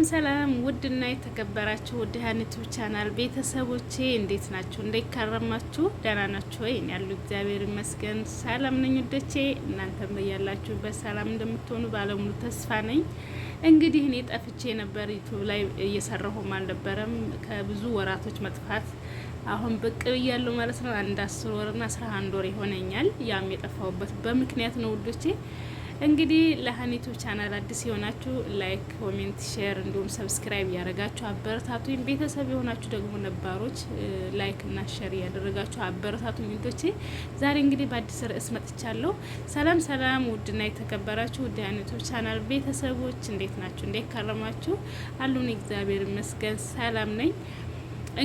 ሰላም ሰላም ውድና የተከበራችሁ ውድ ሀኒቱብ ቻናል ቤተሰቦቼ እንዴት ናችሁ? እንዴት ካረማችሁ? ደህና ናችሁ ወይ? እኔ ያሉ እግዚአብሔር ይመስገን ሰላም ነኝ ውዶቼ። እናንተም በያላችሁበት ሰላም እንደምትሆኑ ባለሙሉ ተስፋ ነኝ። እንግዲህ እኔ ጠፍቼ ነበር፣ ዩቱብ ላይ እየሰራሁም አልነበረም። ከብዙ ወራቶች መጥፋት አሁን ብቅ ብያለሁ ማለት ነው። አንድ አስር ወርና አስራ አንድ ወር ይሆነኛል። ያም የጠፋሁበት በምክንያት ነው ውዶቼ እንግዲህ ለሀኒቱ ቻናል አዲስ የሆናችሁ ላይክ፣ ኮሜንት፣ ሼር እንዲሁም ሰብስክራይብ እያደረጋችሁ አበረታቱኝ። ቤተሰብ የሆናችሁ ደግሞ ነባሮች ላይክ እና ሼር እያደረጋችሁ አበረታቱኝ። እንቶቼ ዛሬ እንግዲህ በአዲስ ርዕስ መጥቻለሁ። ሰላም ሰላም! ውድና የተከበራችሁ ውድ ሀኒቱ ቻናል ቤተሰቦች እንዴት ናችሁ? እንዴት ካረማችሁ? አሉን እግዚአብሔር ይመስገን ሰላም ነኝ።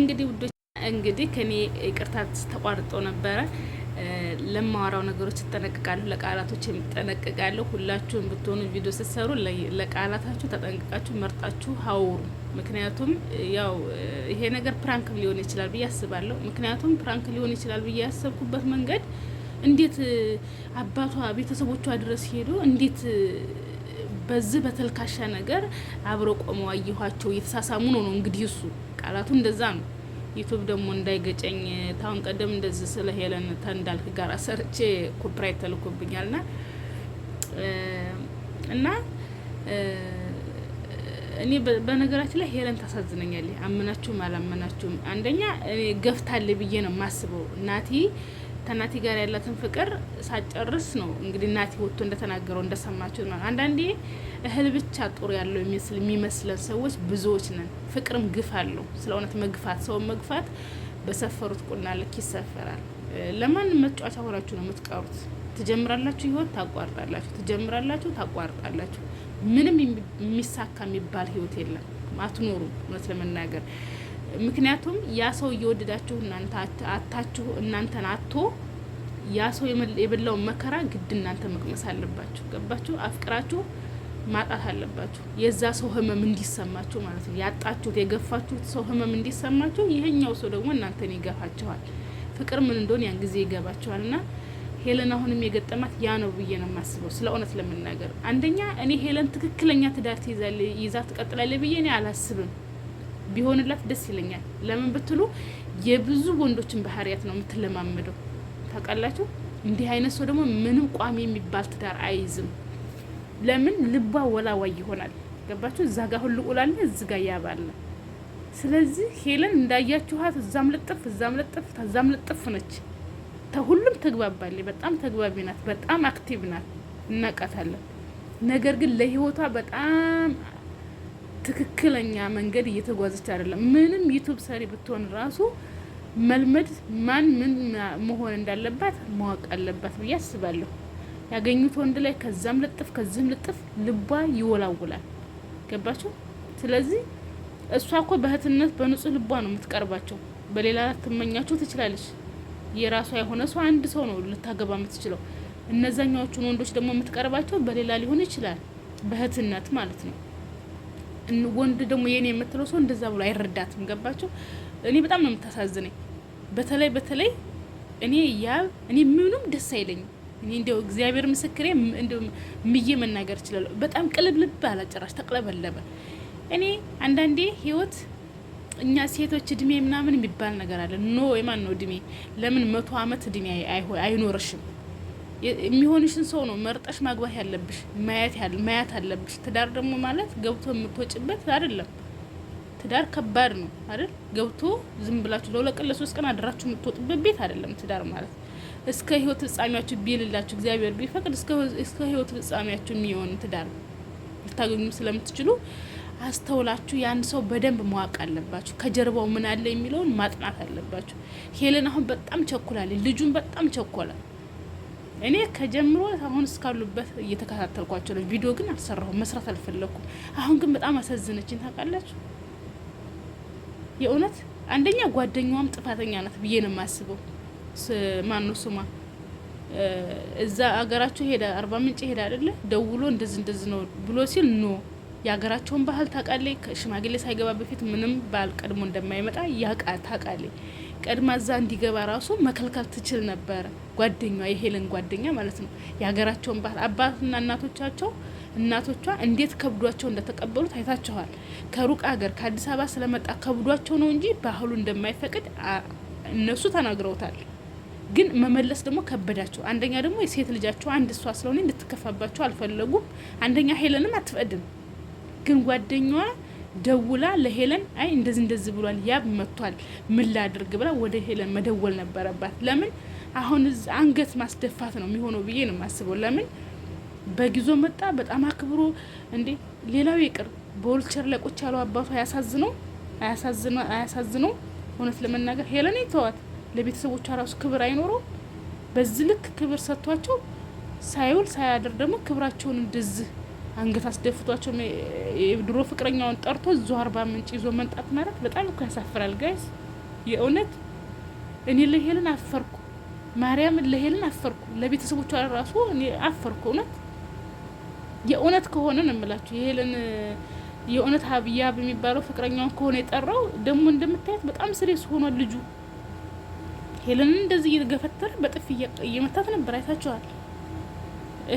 እንግዲህ ውዶች እንግዲህ ከኔ ቅርታት ተቋርጦ ነበረ ለማወራው ነገሮች እጠነቅቃለሁ፣ ለቃላቶች እጠነቅቃለሁ። ሁላችሁም ብትሆኑ ቪዲዮ ስትሰሩ ለቃላታችሁ ተጠንቅቃችሁ መርጣችሁ አውሩ። ምክንያቱም ያው ይሄ ነገር ፕራንክ ሊሆን ይችላል ብዬ አስባለሁ። ምክንያቱም ፕራንክ ሊሆን ይችላል ብዬ ያሰብኩበት መንገድ እንዴት አባቷ ቤተሰቦቿ ድረስ ሄዱ፣ እንዴት በዚህ በተልካሻ ነገር አብረው ቆመው አየኋቸው እየተሳሳሙ ነው ነው እንግዲህ እሱ ቃላቱ እንደዛ ነው። ዩቱብ ደግሞ እንዳይገጨኝ ታሁን ቀደም እንደዚህ ስለ ሄለን ተንዳልክ ጋር ሰርቼ ኮፒራይት ተልኮብኛል ና እና እኔ በነገራችን ላይ ሄለን ታሳዝነኛል አመናችሁም አላመናችሁም አንደኛ እኔ ገፍታል ብዬ ነው የማስበው። ናቲ ተናቲ ጋር ያላትን ፍቅር ሳጨርስ ነው እንግዲህ ናቲ ወጥቶ እንደተናገረው እንደሰማችሁ ነው አንዳንዴ እህል ብቻ ጦር ያለው የሚመስል የሚመስለን ሰዎች ብዙዎች ነን። ፍቅርም ግፍ አለው። ስለ እውነት መግፋት ሰውን መግፋት በሰፈሩት ቁና ልክ ይሰፈራል። ለማንም መጫወቻ ሆናችሁ ነው የምትቀሩት። ትጀምራላችሁ፣ ህይወት ታቋርጣላችሁ። ትጀምራላችሁ፣ ታቋርጣላችሁ። ምንም የሚሳካ የሚባል ህይወት የለም፣ አትኖሩም እውነት ለመናገር ምክንያቱም ያ ሰው እየወደዳችሁ እናንተ አታችሁ እናንተን አቶ ያ ሰው የበላውን መከራ ግድ እናንተ መቅመስ አለባችሁ። ገባችሁ? አፍቅራችሁ ማጣት አለባችሁ። የዛ ሰው ህመም እንዲሰማችሁ ማለት ነው። ያጣችሁት የገፋችሁት ሰው ህመም እንዲሰማችሁ፣ ይሄኛው ሰው ደግሞ እናንተን ይገፋቸዋል። ፍቅር ምን እንደሆነ ያን ጊዜ ይገባቸዋል ና ሄለን አሁንም የገጠማት ያ ነው ብዬ ነው የማስበው። ስለ እውነት ለመናገር አንደኛ እኔ ሄለን ትክክለኛ ትዳር ይዛ ትቀጥላለ ብዬ እኔ አላስብም። ቢሆንላት ደስ ይለኛል። ለምን ብትሉ የብዙ ወንዶችን ባህሪያት ነው የምትለማመደው። ታውቃላችሁ፣ እንዲህ አይነት ሰው ደግሞ ምንም ቋሚ የሚባል ትዳር አይይዝም። ለምን ልቧ ወላዋይ ይሆናል? ገባችሁ? እዛ ጋር ሁሉ ቁላለ እዚ ጋር ያባለ። ስለዚህ ሄለን እንዳያችኋት እዛም ልጥፍ እዛም ልጥፍ ታዛም ልጥፍ ነች። ተሁሉም ተግባባለ። በጣም ተግባቢ ናት። በጣም አክቲቭ ናት። እናውቃታለን። ነገር ግን ለህይወቷ በጣም ትክክለኛ መንገድ እየተጓዘች አይደለም። ምንም ዩቱብ ሰሪ ብትሆን ራሱ መልመድ ማን ምን መሆን እንዳለባት ማወቅ አለባት ብዬ አስባለሁ። ያገኙት ወንድ ላይ ከዛም ልጥፍ ከዚህም ልጥፍ ልቧ ይወላውላል። ገባችሁ? ስለዚህ እሷ እኮ በእህትነት በንጹህ ልቧ ነው የምትቀርባቸው። በሌላ ትመኛቸው ትችላለች። የራሷ የሆነ ሰው አንድ ሰው ነው ልታገባ የምትችለው። እነዛኛዎቹን ወንዶች ደግሞ የምትቀርባቸው በሌላ ሊሆን ይችላል፣ በእህትነት ማለት ነው። ወንድ ደግሞ የኔ የምትለው ሰው እንደዛ ብሎ አይረዳትም። ገባቸው? እኔ በጣም ነው የምታሳዝነኝ። በተለይ በተለይ እኔ ያ እኔ ምንም ደስ አይለኝም። እንደው እግዚአብሔር ምስክሬ እንደው ምዬ መናገር እችላለሁ። በጣም ቅልብልብ አላጨራሽ ተቅለበለበ። እኔ አንዳንዴ ህይወት እኛ ሴቶች እድሜ ምናምን የሚባል ነገር አለ። ኖ የማን ነው እድሜ? ለምን መቶ አመት እድሜ አይኖርሽም። የሚሆንሽን ሰው ነው መርጠሽ ማግባት ያለብሽ፣ ማየት አለብሽ። ትዳር ደግሞ ማለት ገብቶ የምትወጭበት አይደለም። ትዳር ከባድ ነው አይደል? ገብቶ ዝም ብላችሁ ለሁለት ቀን ለሶስት ቀን አድራችሁ የምትወጡበት ቤት አይደለም ትዳር ማለት እስከ ህይወት ፍጻሜያችሁ ቢልላችሁ እግዚአብሔር ቢፈቅድ እስከ ህይወት ፍጻሜያችሁ የሚሆን ትዳር ልታገኙ ስለምትችሉ አስተውላችሁ ያን ሰው በደንብ ማወቅ አለባችሁ። ከጀርባው ምን አለ የሚለውን ማጥናት አለባችሁ። ሄለን አሁን በጣም ቸኩላለች፣ ልጁን በጣም ቸኮለ። እኔ ከጀምሮ አሁን እስካሉበት እየተከታተልኳቸው ነው። ቪዲዮ ግን አልሰራሁም፣ መስራት አልፈለግኩም። አሁን ግን በጣም አሳዝነችን ታውቃላችሁ። የእውነት አንደኛ ጓደኛዋም ጥፋተኛ ናት ብዬ ነው የማስበው። ማን ነው ስሟ እዛ አገራቸው ሄዳ አርባ ምንጭ ሄዳ አይደለ ደውሎ እንደዚህ እንደዚህ ነው ብሎ ሲል ኖ የሀገራቸውን ባህል ታውቃለች። ሽማግሌ ሳይገባ በፊት ምንም ባል ቀድሞ እንደማይመጣ ያቃ ታውቃለች። ቀድማ እዛ እንዲገባ ራሱ መከልከል ትችል ነበረ። ጓደኛ የሄለን ጓደኛ ማለት ነው። የሀገራቸውን ባህል አባትና እናቶቻቸው እናቶቿ እንዴት ከብዷቸው እንደተቀበሉት አይታችኋል። ከሩቅ ሀገር ከአዲስ አበባ ስለመጣ ከብዷቸው ነው እንጂ ባህሉ እንደማይፈቅድ እነሱ ተናግረውታል። ግን መመለስ ደግሞ ከበዳቸው። አንደኛ ደግሞ የሴት ልጃቸው አንድ እሷ ስለሆነ እንድትከፋባቸው አልፈለጉም። አንደኛ ሄለንም አትፈቅድም። ግን ጓደኛዋ ደውላ ለሄለን አይ እንደዚህ እንደዚህ ብሏል ያብ መጥቷል፣ ምን ላድርግ ብላ ወደ ሄለን መደወል ነበረባት። ለምን አሁን አንገት ማስደፋት ነው የሚሆነው ብዬ ነው የማስበው። ለምን በጊዞ መጣ፣ በጣም አክብሮ እንዴ። ሌላው ይቅር በወልቸር ለቆች ያለው አባቱ አያሳዝነው? አያሳዝነው? እውነት ለመናገር ሄለን ይተዋት። ለቤተሰቦቿ ራሱ ክብር አይኖረውም በዚህ ልክ ክብር ሰጥቷቸው ሳይውል ሳያድር ደግሞ ክብራቸውን እንደዚህ አንገት አስደፍቷቸው ድሮ ፍቅረኛውን ጠርቶ እዙ አርባ ምንጭ ይዞ መምጣት ማለት በጣም እኮ ያሳፍራል ጋይስ። የእውነት እኔ ለሄልን አፈርኩ፣ ማርያምን ለሄልን አፈርኩ፣ ለቤተሰቦቿ ራሱ እኔ አፈርኩ። እውነት የእውነት ከሆነ ነው የምላችሁ የሄልን የእውነት ሀብያ የሚባለው ፍቅረኛውን ከሆነ የጠራው ደግሞ እንደምታየት በጣም ስሬስ ሆኗል ልጁ። ሄለንን እንደዚህ እየገፈተረ በጥፍ እየመታት ነበር። አይታችኋል።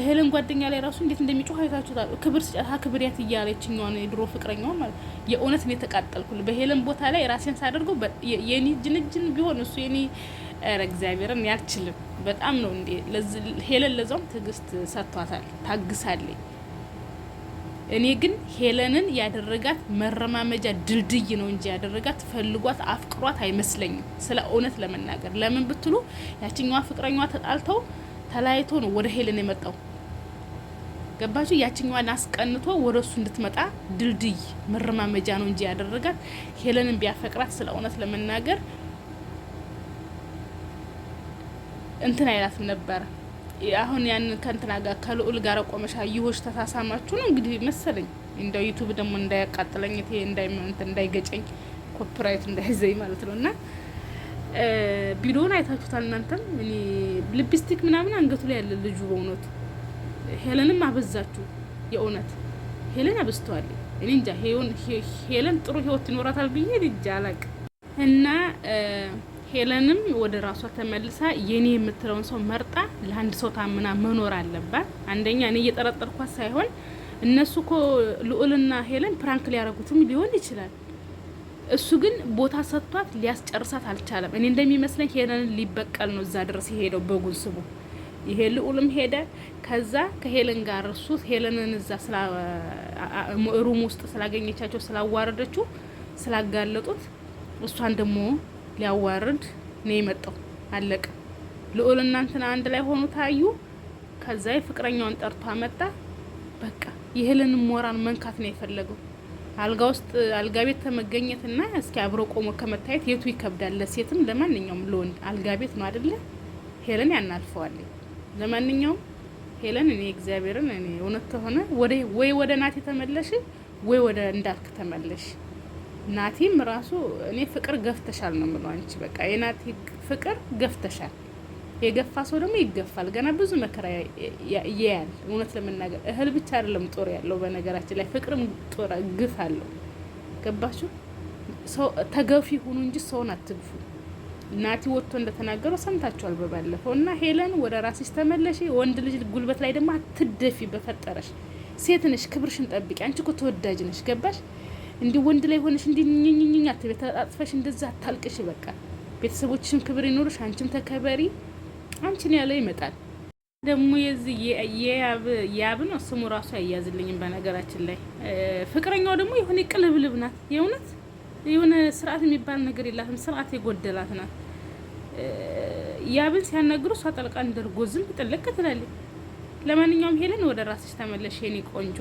ሄለን ጓደኛ ላይ ራሱ እንዴት እንደሚጮህ አይታችኋል። ክብር ስጫታ ክብር ያት እያለ የችኛዋን የድሮ ፍቅረኛዋን ማለት የእውነት ነው የተቃጠልኩል። በሄለን ቦታ ላይ ራሴን ሳደርገው የኔ ጅንጅን ቢሆን እሱ የኔ ረ እግዚአብሔርን ያልችልም በጣም ነው እንዴ ሄለን ለዛውም ትዕግስት ሰጥቷታል። ታግሳለኝ እኔ ግን ሄለንን ያደረጋት መረማመጃ ድልድይ ነው እንጂ ያደረጋት ፈልጓት አፍቅሯት አይመስለኝም። ስለ እውነት ለመናገር ለምን ብትሉ ያችኛዋ ፍቅረኛዋ ተጣልተው ተለያይቶ ነው ወደ ሄለን የመጣው። ገባችሁ? ያችኛዋን አስቀንቶ ወደ እሱ እንድትመጣ ድልድይ መረማመጃ ነው እንጂ ያደረጋት ሄለንን ቢያፈቅራት ስለ እውነት ለመናገር እንትን አይላትም ነበረ። አሁን ያንን ከእንትና ጋር ከልዑል ጋር ቆመሻ ይሆሽ ተሳሳማችሁ ነው እንግዲህ መሰለኝ። እንደው ዩቱብ ደግሞ እንዳያቃጥለኝ ይሄ እንዳይገጨኝ ኮፒራይት እንዳይዘኝ ማለት ነው። እና ቢሎን አይታችሁታል እናንተም። እኔ ሊፕስቲክ ምናምን አንገቱ ላይ ያለ ልጁ በእውነቱ ሄለንም አበዛችሁ። የእውነት ሄለን አበዝተዋል። እኔ እንጃ ሄለን ጥሩ ህይወት ይኖራታል ብዬ ልጅ አላቅ እና ሄለንም ወደ ራሷ ተመልሳ የኔ የምትለውን ሰው መርጣ ለአንድ ሰው ታምና መኖር አለባት። አንደኛ እኔ እየጠረጠርኳት ሳይሆን እነሱ ኮ ልዑልና ሄለን ፕራንክ ሊያደርጉትም ሊሆን ይችላል። እሱ ግን ቦታ ሰጥቷት ሊያስጨርሳት አልቻለም። እኔ እንደሚመስለኝ ሄለንን ሊበቀል ነው እዛ ድረስ የሄደው በጉን ስቡ። ይሄ ልዑልም ሄደ። ከዛ ከሄለን ጋር እሱ ሄለንን እዛ ሩም ውስጥ ስላገኘቻቸው ስላዋረደችው ስላጋለጡት እሷን ደግሞ ሊያዋርድ ነው የመጣው። አለቀ። ልዑል እናንትና አንድ ላይ ሆኑ ታዩ። ከዛ የፍቅረኛውን ጠርቶ አመጣ። በቃ የሄለን ሞራን መንካት ነው የፈለገው። አልጋ ውስጥ አልጋ ቤት ከመገኘትና እስኪ አብሮ ቆሞ ከመታየት የቱ ይከብዳል? ለሴትም ለማንኛውም ለወንድ አልጋ ቤት ነው አይደለ? ሄለን ያናልፈዋል። ለማንኛውም ሄለን እኔ እግዚአብሔርን እኔ እውነት ከሆነ ወይ ወደ ናት ተመለሽ ወይ ወደ እንዳልክ ተመለሽ። ናቲም ራሱ እኔ ፍቅር ገፍተሻል ነው የምለው። አንቺ በቃ የናቲ ፍቅር ገፍተሻል። የገፋ ሰው ደግሞ ይገፋል። ገና ብዙ መከራ እያያል። እውነት ለመናገር እህል ብቻ አይደለም ጦር ያለው በነገራችን ላይ ፍቅርም ጦር ግፍ አለው። ገባችሁ? ተገፊ ሁኑ እንጂ ሰውን አትግፉ። ናቲ ወጥቶ እንደተናገረው ሰምታችኋል በባለፈው እና ሄለን ወደ ራስሽ ተመለሽ። ወንድ ልጅ ጉልበት ላይ ደግሞ አትደፊ። በፈጠረሽ ሴት ነሽ፣ ክብርሽን ጠብቂ። አንቺ እኮ ተወዳጅ ነሽ። ገባሽ? እንዲህ ወንድ ላይ ሆነሽ እንዲህ ኝኝኝኝ አትበይ፣ ተጣጥፈሽ እንደዛ አታልቅሽ። በቃ ቤተሰቦችሽም ክብር ይኖርሽ፣ አንቺም ተከበሪ። አንቺን ያለ ይመጣል። ደግሞ የዚህ የያብ ነው ስሙ ራሱ አያዝልኝም። በነገራችን ላይ ፍቅረኛው ደግሞ የሆነ ቅልብልብ ናት። የእውነት የሆነ ስርዓት የሚባል ነገር የላትም። ስርዓት የጎደላት ናት። ያብን ሲያናግሩ እሷ ጠልቃ እንደርጎ ዝም ጥልቅ ትላለች። ለማንኛውም ሄለን ወደ ራስሽ ተመለሽ የኔ ቆንጆ።